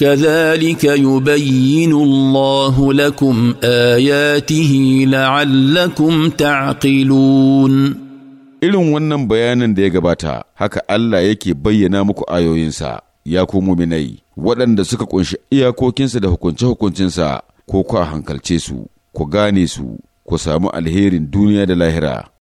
كذلك يبين الله لكم اياته لعلكم تعقلون irin wannan bayanin da ya gabata haka Allah yake bayyana muku ayoyinsa ya ku muminai waɗanda suka ƙunshi iyakokinsa da hukunce-hukuncinsa ko ku a hankalce su ku gane su ku samu alherin duniya da lahira